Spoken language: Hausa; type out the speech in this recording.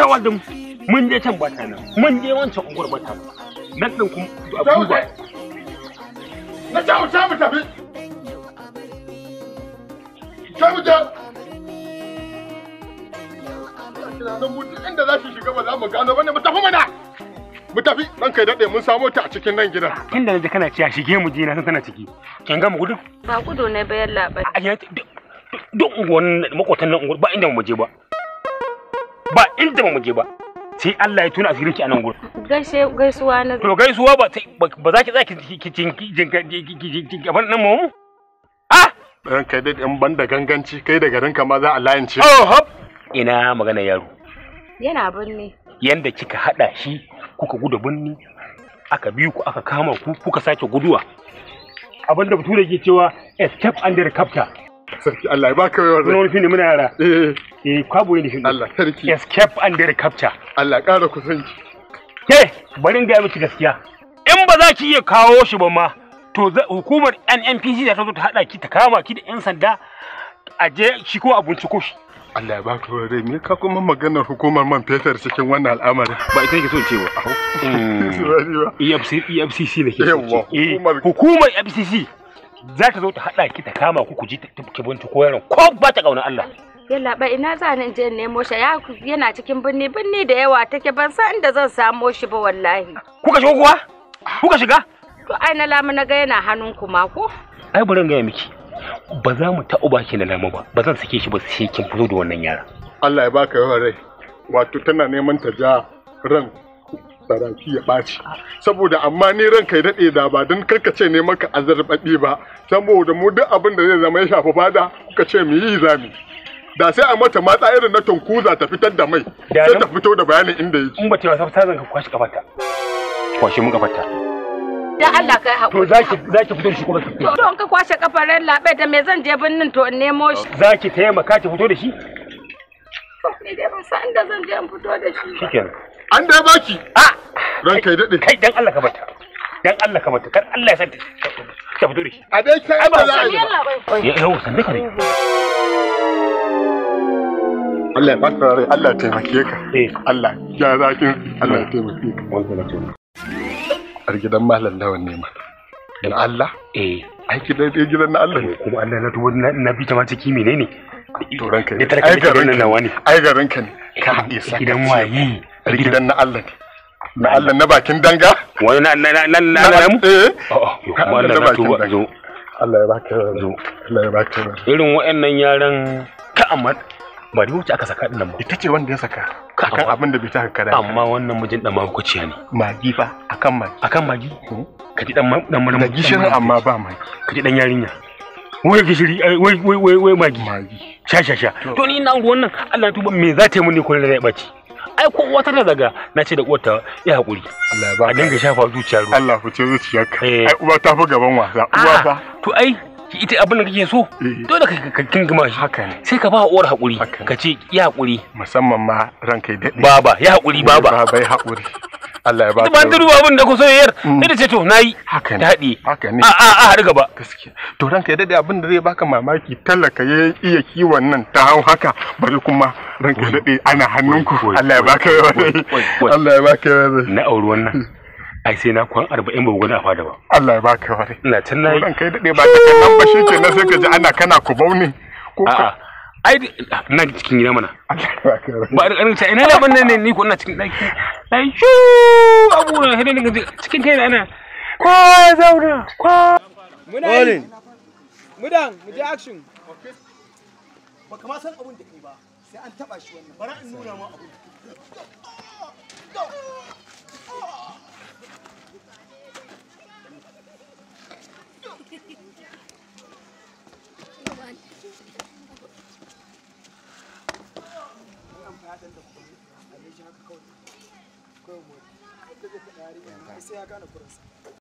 sawadin mun je can bata nan mun je wancan unguwar bata nan din kuma abubuwa na ta wuce mu tafi ta mu ta inda za ki shiga ba za mu gano bane mu tafi mana mu tafi dan kai dade mun samo ta a cikin nan gidan kin da kana ciya shige mu je na san tana ciki kin ga mu gudu ba gudu ne bayan labai a unguwan makotan nan unguwar ba inda mu je ba ba inda ba mu je ba sai Allah ya tuna asirin ki a nan gurin gaishe gaisuwa na to gaisuwa ba ba za ki za ki jin abin nan mu ah ban kai da in banda ganganci kai da garin ka ma za a layance oh hop ina magana yaro yana binne yanda kika hada shi kuka gudu binni aka bi ku aka kama ku kuka sake guduwa abinda bature ke cewa escape under capture sarki Allah ba ka yawar rai. Wani fini muna yara. Eh. Eh kwabo ne shi. Allah sarki. Escape and recapture. Allah ƙara kusanci. Ke barin in ga miki gaskiya. In ba za ki iya kawo shi ba ma to hukumar NNPC da ta zo ta hada ki ta kama ki da 'yan sanda a je shi ko a binciko shi. Allah ya baka wani rai me ka kuma maganar hukumar man fetur cikin wannan al'amarin ba ita ke so ce ba. EFCC da ke. Yawwa eh, hukumar. Hukumar e FCC za ta zo ta haɗa ki ta kama ku ku ji ki binci ko yaron ko ba ta ƙaunar Allah. Yalla ba ina za ni je nemo shi yana cikin binni binni da yawa take ban san inda zan samo shi ba wallahi. Kuka shigo kuwa? Kuka shiga? To ai na lamu na ga yana hannun ku ma ko? Ai bari ga miki. Ba za mu taɓa baki na lamu ba, ba zan sake shi ba sai kin fito da wannan yara. Allah ya baka yawan rai. Wato tana neman ta ja ran baraki ya ɓaci saboda amma ni ran kai daɗe da ba don ce ne maka azarbaɗi ba saboda mu duk abin da zai zama ya shafi bada kuka ce mu yi zami da sai a mata matsa irin na tunkuza ta fitar da mai sai ta fito da bayanin inda yake in ba ta wasa ta zanka kwashi kafarta kwashi mun kafarta dan Allah kai haƙuri to zaki zaki fito shi kuma fito to in ka kwashe kafaren labe da me zan je binnin to in nemo shi zaki taimaka ki fito da shi ne dai ban san inda zan je in fito da shi shikenan An da baki. A. Ah, Ran kai daɗe. Kai dan Allah ka bata. Dan Allah ka bata. Kar Allah ya san ta fito da shi. A dai kai ba za a yi ba. Yau san da kare. Allah ya fasa rai, Allah ya taimake ka. Eh. Allah ya zaki Allah ya taimake ka. Wanda na Ar gidan malam lawan ne ma. Dan Allah? Eh. Ai da dai eh, gidan na Allah ne. Kuma Allah na tuwo na bi ta ma ciki menene? To ne. Ai garin ka ne. Ai garin ka ne. Ka haɗe sa. Gidan waye. rigidan na Allah ne na Allah na bakin danga wani na na na na na eh. oh, oh. Allah na tuba zo Allah ya baka zo Allah ya baka irin waɗannan yaran ka amma ba da wuce aka saka din nan ba ita ce wanda ya saka akan abin da bai ta kada amma wannan mijin dan maguciya ne magi fa akan magi akan magi hmm. ka ji dan dan marmari da gishirin amma ba magi ka ji dan yarinya wai gishiri wai wai wai magi magi sha sha sha to ni ina ruwan nan Allah ya tuba me za ta yi mun ne ko da ya bace aiko ko wata na daga na ce da uwarta ya haƙuri Allah ba a dinga shafa zuciya ruwa Allah fice zuciya ka eh. ai uwa ta fi gaban wasa uwa ta ah, to ai ita abin da kake so eh. dole ka kingima shi haka ne sai ka ba uwar haƙuri ka ce ya haƙuri musamman ma ranka ya dade baba ya haƙuri eh, baba baba ya haƙuri Allah ya ba ta. Ban ruwa abin da ku so yayar. Ni mm. da ce to nayi. Haka ne. Dadi. Haka ne. A a a riga ba. Gaskiya. To ranka ya dade abin da zai baka mamaki talaka ya iya kiwon nan ta hau haka bari kuma ranka ya dade ana hannunku. Allah ya ba ka. Allah ya ba ka. Na auri wannan. Hmm. ai sai na kwan arba'in ba gwada fada ba Allah ya ba ka. ina tun nayi ranka ya dade ba ta kan nan ba na sai ka ji ana kana ku bauni. ko ka ai na cikin gida mana ba da karanta ina da ban ne ni ko ina cikin daki ai shu abu ne hidin cikin kai ana ko ya zauna ko muna yi mudan mu je action ba kama san abun da kai ba sai an taba shi wannan bara in nuna ma abun ya dan da kuma a shi haka kawai kawai mu ka dari sai ya gane kurinsa